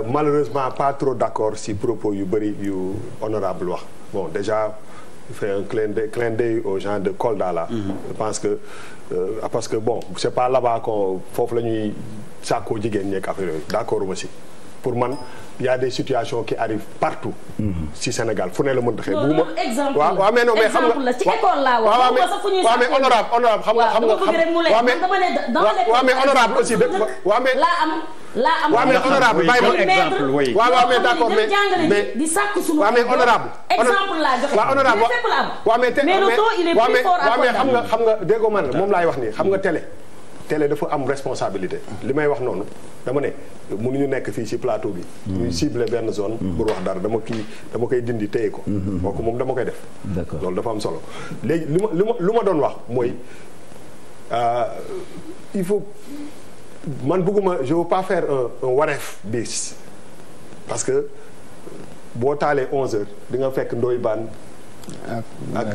Euh, malheureusement pas trop d'accord si propos yu bëri yu honorable wax bon déjà fait un clin d'œil clin d'œil aux gens de Kolda là. Mm que euh, parce que bon c'est pas là foofu la ñuy sàkkoo jigéen ñeeg affaire yooyu d'accord aussi pour man y a des situations qui arrivent partout. Mhm. si Sénégal fu ne la mënta xëy. non non exemple mais non mais xam nga mais honorable honorable aussi de mais. laa am mais honorable bàyyi ma exemple waaw waaw mais d'accord mais mais di sàkk suñu waaw mais honorable exemple laa joxe waaw honorable waaw mais te waaw mais xam nga xam nga déggoo man la moom laay wax nii xam nga télé télé dafa am responsabilité li may wax noonu dama ne mënuñu nekk fii ci plateau bi mm-hmm. ñuy ciblé benn zone mm-hmm. pour wax dara dama kii dama koy dindi téye ko mm-hmm. kooku moom dama koy def loolu dafa am solo léegi li ma li ma lu ma doon wax mooy euh, il faut man bëgguma je veux pas faire un un wareef parce que boo taalee onze heures di fekk ndoy baan ak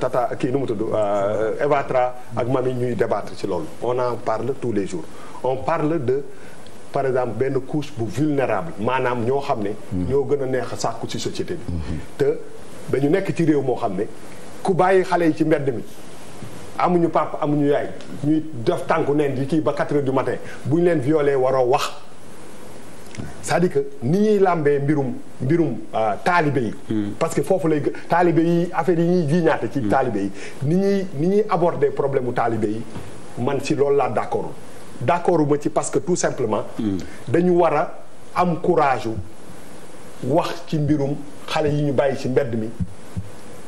tata kii nu mu tudd euh, Evatra ak mami ñuy débatre ci loolu on en parle tous les jours on parle de par exemple benn couche bu vulnérable maanaam ñoo xam ne ñoo gën a neex a sàkku ci société bi mhm. te dañu nekk ci réew moo xam ne ku bàyyi xale yi ci mbedd mi amuñu papa amuñu yaay ñuy def tànku neen di kii ba 4 heures du matin bu ñu leen violé waroo wax cest di dire que ni ñuy làmbee mbirum mbirum euh, taalibe yi. Hmm. parce que foofu lay taalibe yi affaire yi ñuy jiiñaate ci hmm. taalibe yi ni ñuy ni ñuy aborder problème mu taalibe yi man ci loolu laa d'accord d'accord ma ci parce que tout simplement. Hmm. dañu war a am courage wax ci mbirum xale yi ñu bàyyi ci mbedd mi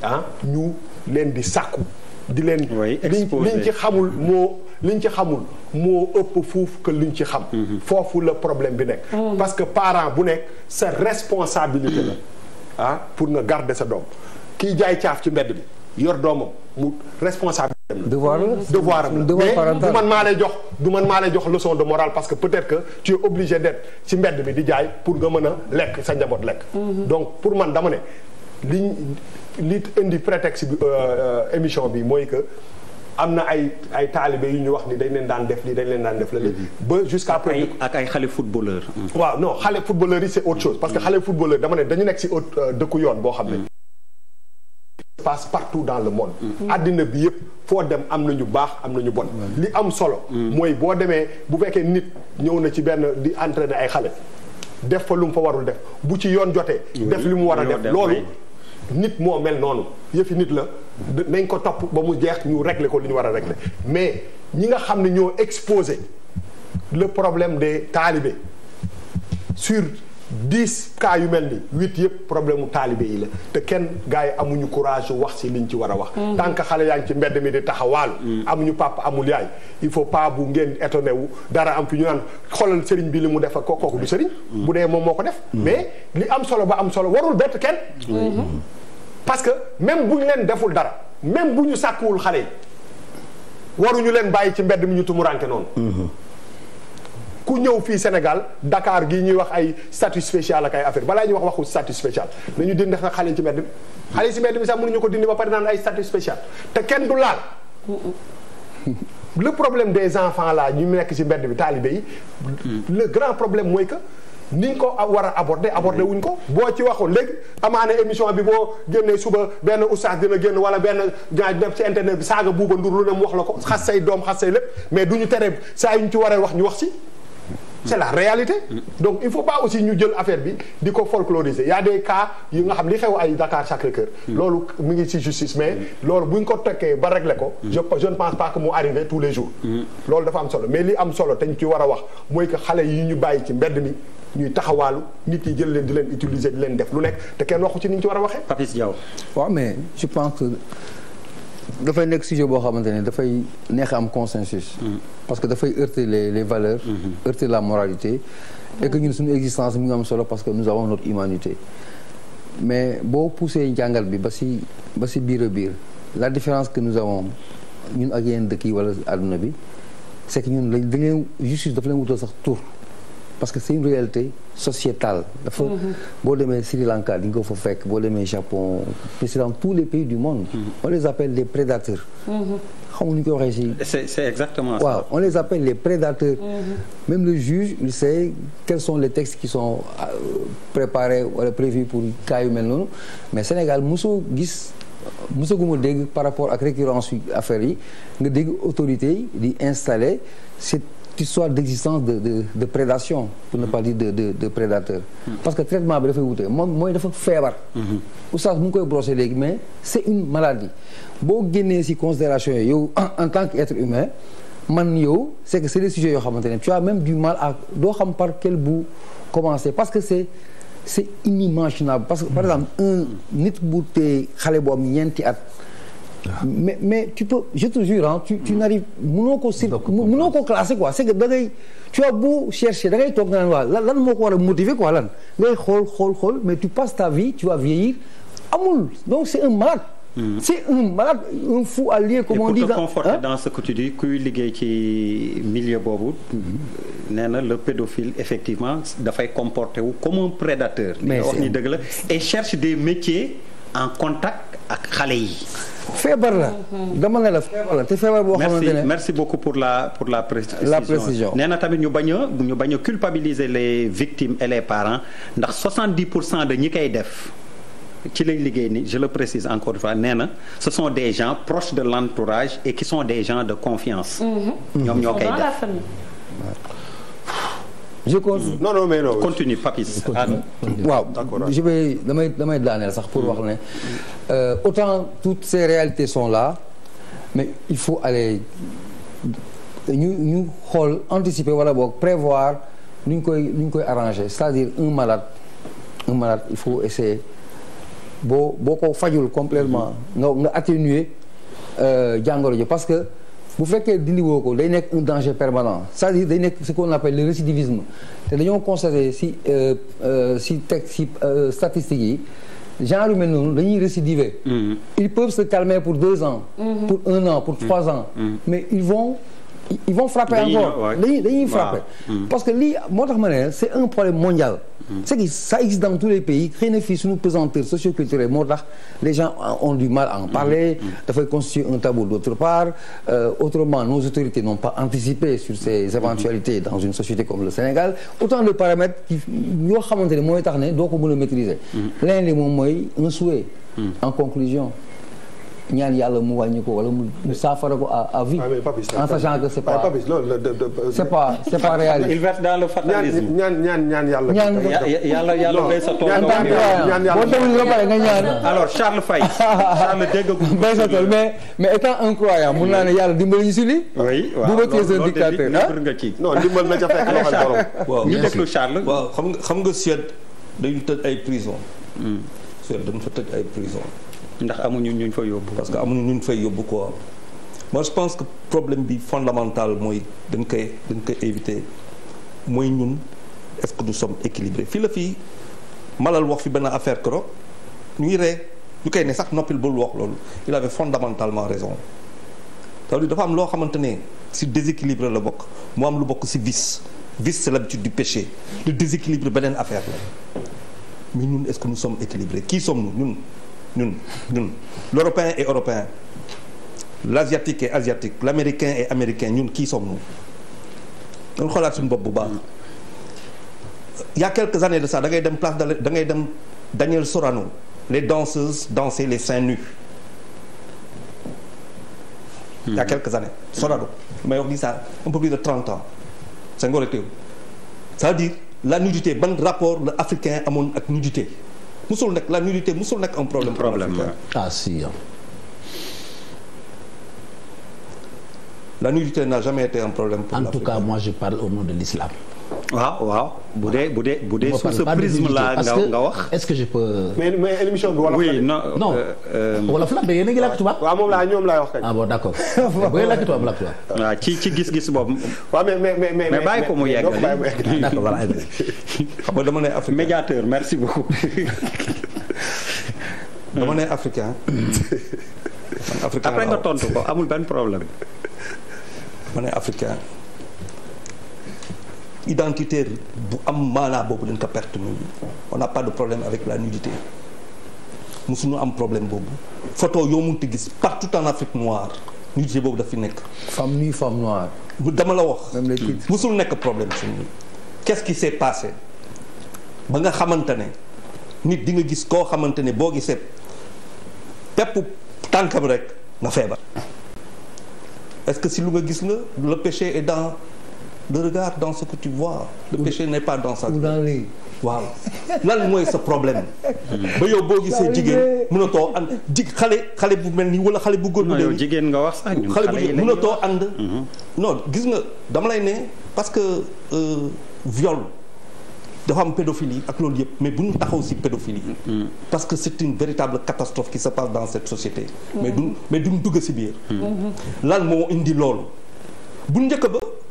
ah ñu leen di sàkku. di leen liñ ci xamul moo liñ ci xamul moo ëpp fuuf que liñ ci xam mhm. foofu la problème bi nekk mm. parce que parent bu nekk sa responsabilité la ah. ah pour nga garder sa doom kiy jaay caaf ci mbedd bi yor doomam mu responsable devoir devoir am la mais du man maa lay jox du man maa lay jox leçon de morale parce que peut-être que tu es obligé d'être ci mbedd bi di jaay pour nga mën a lekk sa njaboot lekk mm-hmm. donc pour man dama ne liñ li indi prétexte bi euh, euh, émission bi mooy que am na ay ay taalibe yu ñu wax ni dañ leen daan def lii dañ leen daan def la mm-hmm. ba jusqu'à présent ak ay xale footballeur waaw no xale footballeur yi c'est autre chose parce que xale footballeur dama ne dañu nekk si autre euh, dëkku yoon boo xam ne mm-hmm. passe partout dans le monde àddina mm-hmm. bi yëpp foo dem am na ñu baax am na ñu bon li am solo mooy boo demee bu fekkee nit ñëw na ci benn di entraîner ay xale def fa lu mu fa warul def bu ci yoon jotee def li mu war a def loolu nit moo mel noonu yëfi nit la nañ ko topp ba mu jeex ñu régler ko li ñu war a régler mais ñi nga xam ne ñoo exposé le problème des talibés sur dix cas yu mel ni huit yëpp problème mu talibé yi la te kenn gars yi amuñu courage wax ci liñ ci war a wax. Mm. tant xale yaa ngi ci mbedd mi di taxawaalu. Mm. ñu papa amul yaay il faut pas bu ngeen étonné wu dara am fi ñu naan xoolal sëriñ bi li mu def ko kooku du sëriñ. Mm. bu dee moom moo ko def. mais li am solo ba am solo warul bett kenn. Mm-hmm. parce que même bu ñu leen deful dara même bu ñu sàkkuwul xale yi waruñu leen bàyyi ci mbedd mi ñu tumuranke noonu. Mm-hmm. ku ñëw fii Sénégal Dakar gii ñuy wax ay statut spécial ak ay affaire balaa ñuy wax waxu statut spécial nañu dindi xa xale ci mbedd mi. xale ci mbedd mi sax mënuñu ko dindi ba pare naan ay statut spécial te kenn du laal. le problème des enfants là ñu nekk ci mbedd bi taalibe yi. le grand problème mooy que. ni ko war a aborder aborder wuñ ko boo ci waxu léegi amaane émission bi boo génnee suba benn oustaz dina génn wala benn ñaar def si internet bi saaga buuba ndur lu ne mu wax la ko xas say doom xas say lépp mais du ñu tere saa yu ñu ci war waree wax ñu wax si. c'est la réalité donc il faut pas aussi ñu jël affaire bi di ko folkloriser y a des cas yu nga xam li xew ay Dakar Sacré-Cœur loolu mu ngi ci justice mais loolu bu ñu ko tekkee ba régler ko je je mu arrivé tous les jours mm. loolu am solo mais li solo te ñu war a wax mooy que xale yi ñu bàyyi ci mbedd mi ñuy taxawaalu nit yi jël leen di leen utiliser di leen def lu nekk te kenn waxu ci ni ñu ci war a waxee. Papis Diaw waaw mais je pense que dafay nekk sujet boo xamante ne dafay neex am consensus. Mm-hmm. parce que dafay heurter les les valeurs. Mm-hmm. heurter la moralité. Mm-hmm. et que ñun suñu existence mu ngi am solo parce que nous avons notre humanité. mais boo poussé jàngal bi ba si ba si biir a biir la différence que nous avons ñun ak yeneen dëkk yi wala àdduna bi c'est ñun dañ leen justice daf leen wutal sax tur. parce que c'est une réalité sociétale dafa mm-hmm. boo demee Sri Lanka di nga ko fa fekk boo demee Japon mais c'est dans tous les pays du monde mm-hmm. on les appelle les prédateurs mm-hmm. xamuñu ko waxee si c'est exactement ça waaw on les appelle les prédateurs même le juge il sait quels sont les textes qui sont euh, préparés wala prévus pour cas yu mel noonu mais Sénégal mosoo gis mosaguma dégg par rapport ak récurrence yu affaires yi nga dégg autorité yi di installer c'est cette histoire d'existence de de de prédation pour ne pas dire de de de prédateur. parce que traitement bi dafay wute moom mooy dafa feebar. Mhm. oustaz mu ngi koy brosser léegi mais c'est une maladie boo génnee ci considération yow en tant qu'être humain man yow c'est que c'est des sujets yoo xamante ne tu as même du mal à xam par quel bout commencé parce que c'est c'est inimaginable parce que par mhm. exemple un nit bu tee xale boo am ñeenti at. mais mais tu peux je te jure ah tu tu n'arrives mënoo ko si quoi c'est que da ngay tu vois beau chercher da ngay toog naan waa lan moo ko war a motiver quoi lan ngay xool xool xool mais tu passes ta vie tu vas vieillir amul donc c'est un malade hmm. c'est un malade un fou allié comme on dit. pour dans ce que kuy liggéey ci milieu boobu hmm. nee na le pédophile effectivement dafay comporter wu comme un prédateur. mais wax ni et cherche des métiers en contact ak xale yi. feebar la. dama ne la feebar la boo. xamante ne merci beaucoup pour la pour la précision la précision. nee na tamit ñu bañ a ñu bañ a culpabiliser les victimes et les parents ndax 70 pour cent de ñi koy def. ci lay liggéey ni je le précise encore une fois na ce sont des gens proches de l'entourage et qui sont des gens de confiance. Mm-hmm. ñoom ñoo koy def. je continue mm. non non continue Papis waaw je vais damay damay daaneel sax pour wax ne euh, autant toutes ces réalités sont là mais il faut aller ñu ñu xool anticiper wala book prévoir nu ñu koy nu ñu koy arranger c'est-à-dire un malade un il faut essayer boo boo ko fajul complètement nga nga atténuer euh, jàngoro ji parce que bu fekkee dindi woo ko day nekk un danger permanent c'est-à-dire day nekk ce qu'on appelle le récidivisme te dañoo constaté si euh, euh, si teg si euh, statistiques yi genre yu mel dañuy récidiver mm-hmm. ils peuvent se calmer pour deux ans mm-hmm. pour un an pour trois mm-hmm. ans mais ils vont ils vont frapper encore dañuy dañuy frapper parce que lii moo tax ma ne c'est un problème mondial Mm-hmm. ce qui ça existe dans tous les pays xëy na fii suñu pesanteur socioculturel moo tax les gens ont du mal à en parler dafay mm-hmm. constituer un tabou d'autre part euh, autrement nos autorités n'ont pas anticipé sur ces mm-hmm. éventualités dans une société comme le Sénégal autant de paramètres qui yoo xamante ne mooy tax ne doo ko mën a maîtriser l'un li moom mooy un souhait en conclusion ñaan yàlla mu wàññi ko wala mu saafara ko à vie. Ah, en sachant que ah, c'est pas c'est il verse dans le fatalisme. ñaan yàlla. ñaan yàlla yàlla béy sa tool. ñaan yàlla boo demul ba pare nga ñaan. alors Charles naa ne yàlla dimbali ñu si lii. bu bëggee seen dictateur ah. non dimbal na ca fekk loxo borom. waaw ñu xam nga xam nga Suède dañu tëj ay prison hmm. Suède dañu fa tëj ay prison ndax amuñu ñuñ fay yóbbu. parce que amuñu ñuñ fay yóbbu quoi. moi je pense que problème bi fondamental mooy dañ koy dañ koy éviter mooy ñun est-ce que nous sommes équilibrés fii la fii Malal wax fi benn affaire keroog ñu ngi ree ñu koy ne sax noppil bul wax loolu il avait fondamentalement raison cest dafa am loo xamante ne si déséquilibre la bokk moo am lu bokk si vice vice c'est l'habitude du péché le déséquilibre beneen affaire la mais ñun est-ce que nous sommes équilibrés qui sommes-nous ñun ñun ñun l'européen est européen l'asiatique est asiatique l'américain est américain ñun qui sommes-nous dañu suñu bopp bu baax il y a de ça da ngay dem place da ngay dem Daniel Sorano les danseuses dansaient les seins nus il y a mhm. quelques années Sorano may wax ni ça un peu a teew la nudité ban rapport la africain amoon ak nudité musul nekk la nudité musul nekk un problème. problème ah si. la nudité n'a jamais été un problème. pour en tout cas moi je parle au nom de l'islam waaw waaw bu dee bu dee bu dee sous ce prisme là nga nga wax. est-ce que je peux. mais mais émission bi wolof la oui non. non euh, euh, wolof la mais yéen a ngi làkk tubaab. waaw moom laa ñoom laay wax kay. ah bon d'accord bu ngeen làkk tubaab làkk tubaab. waaw ah, ci ci gis-gis boobu. waaw mais mais mais mais mais bàyyi ko mu yegg. d'accord voilà. xam nga dama ne africain médiateur merci beaucoup. dama ne africain. africain après nga tontu ko amul benn problème. dama ne africain. identitaire bu am maanaa boobu dañ ko perte ñun on n'a pas de problème avec la nudité musuñu am problème boobu photo yoo mënut gis partout en Afrique noire nudité boobu daf fi nekk. femme nue femme bu dama la wax. musul nekk problème suñu. qu'est-ce qui s'est passé ba nga xamante ne nit di nga gis koo xamante ne boo gisee pepp tànkam rek nga feebar est que si lu nga gis la le péché est le regard dans ce que tu vois le péché n'est pas dans ça waaw lan mooy sa problème ba yow boo gisee jigéen a too ànd ji xale xale bu mel nii wala xale bu góor bu dee jigéen nga wax sax ñun xale bu a too ànd mhm. non gis nga dama lay ne parce que euh, viol dafa am pédophilie ak loolu yëpp mais bu ñu taxaw si pédophilie mhm. parce que c'est une véritable catastrophe qui se passe dans cette société mais mhm. duñ mais duñ dugg si biir lan moo indi loolu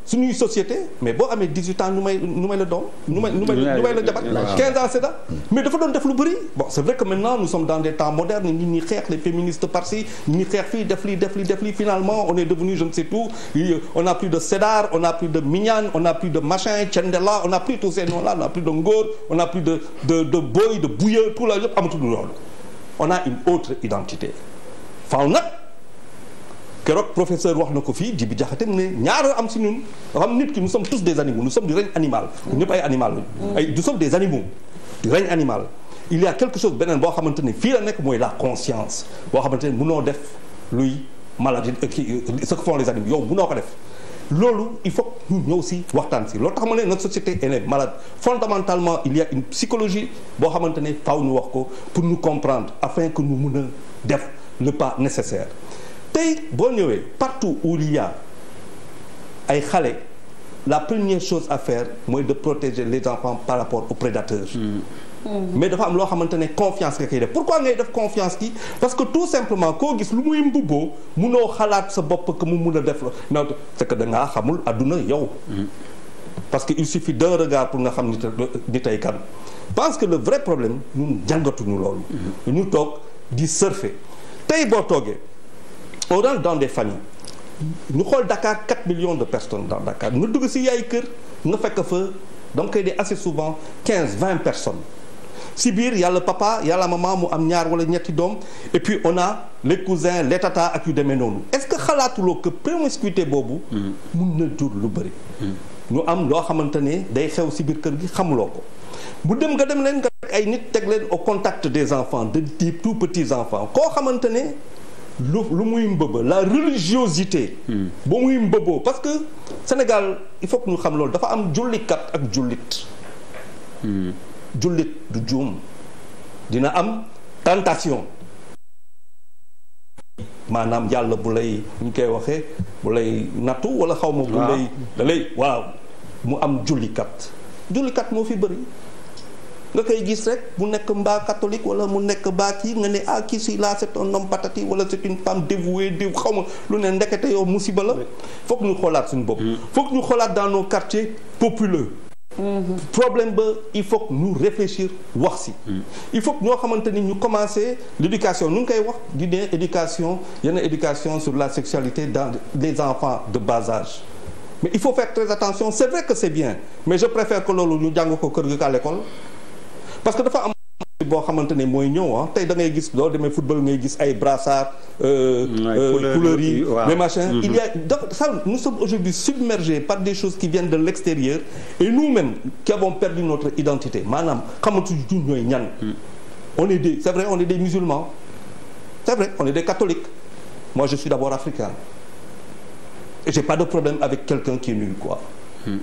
suñuy société mais boo amee 18 ans nu may nu may la doom nu may nu may la jabar 15 ans c'est ça mais dafa doon def lu bëri bon c'est vrai que maintenant nous sommes dans des temps modernes ñi ñi xeex les féministes par-ci ñi xeex fii def lii def lii def lii finalement on est devenu je ne sais tout on a plus de Sédar on a plus de Mignane on a plus de machin Thiendella on a plus tous ces noms-là on a plus de Ngor on a plus de de de Boy de Bouye tout la yëpp amatul loolu on a une autre identité faaw nag keroog professeur wax na ko fii Djibi Diakhaté mu ne ñaar am si ñun nga xam nit ki nous sommes tous des animaux nous sommes du règne animal. ñëpp ay animal lañu. ay des animaux du règne animal. il y quelque chose beneen boo xamante ni fii la nekk mooy la conscience boo xamante ni mënoo def luy maladie euh, kii euh, ce que font les animaux yow mënoo ko def. loolu il faut ñu ñëw si waxtaan si loolu tax ma ne notre société elle est malade fondamentalement il y a une psychologie boo xamante ne faaw ñu wax ko pour nous comprendre afin que nous mën a def le pas tey boo ñëwee partout où il ay xale la première chose à faire mooy de protéger les enfants par rapport aux prédateurs. Mm. Mm. mais dafa am loo xamante ne confiance nga koy def pourquoi ngay def confiance ki parce que tout simplement koo gis lu muy mbubboo munoo xalaat sa bopp que mu mun a def la naawte c'est da ngaa xamul adduna yow mm. parce que il suffit d'un regard pour nga xam ni ni tey kan parce que le vrai problème ñun jàngatuñu loolu ñu toog di surfer tey boo toogee on rentre dans des familles ñu xool dakaar 4 million de personnes dans Dakar nga dugg si yaay kër nga fekk fa da nga koy dee assez souvent quinze 20 personnes si biir yàlla papa yàlla maman mu am ñaar wala ñetti doom et puis on a les cousins les tata ak yu demee noonu est-ce que xalaatuloo que promiscuité boobu. Mm-hmm. mun na jur lu bëri. Mm-hmm. ñu am loo xamante ne day xew si biir kër gi xamuloo ko bu dem nga dem leen nga ay nit teg leen au contact des enfants de des tout petits enfants koo xamante ne. lu lu muy mbëbba la religiosité. Hmm. ba muy mbëbboo parce que Sénégal il faut que xam loolu dafa am jullikat ak jullit. Hmm. jullit du juum dina am tentation. maanaam yàlla bu lay ñu koy waxee bu lay nattu wala xaw ma. bu lay da waaw mu am jullikat. jullikat moo fi bëri. nga koy gis rek mu nekk mbaa catholique wala mu nekk mbaa kii nga ne ah kii si la c'est un homme patati wala c'est une femme dévouée dév xaw ma lu ne ndekete yow musiba la foog ñu xoolaat suñu bopp mm. foog ñu xolaat dans nos quartiers populeux Mmh. problème ba il faut que ñu réfléchir wax si. Mm. il faut que ñoo xamante ni ñu commencer l'éducation nu ngi koy wax di éducation yenn éducation sur la sexualité dans les enfants de basage âge. mais il faut faire très attention c'est bien mais je préfère que loolu ñu jàng ko kër gi à l'école parce que dafa am boo xamante ne mooy ñëw ah tey da ngay gis demee football ngay gis ay brassard euh, euh, couleur yi mais machin il mhm. y a nous sommes aujourd'hui submergés par des choses qui viennent de l'extérieur et nous-mêmes qui avons perdu notre identité maanaam xamatuñu du ñooy ñan mm. on est des c'est vrai on est des musulmans c'est vrai on est des catholiques moi je suis d'abord africain et j'ai pas de problème avec quelqu'un qui est quoi mm.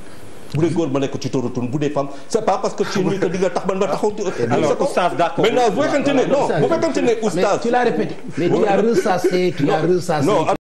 bu dee góor ma nekk ci tóoratun bu dee femme c'est pas parce que ci ni que di nga tax man ma taxaw. Eh alors oustaz d'accord maintenant bu fekkante ne non bu fekkante ne oustaz. mais tu l'as répété mais tu as ressassé tu as ressassé.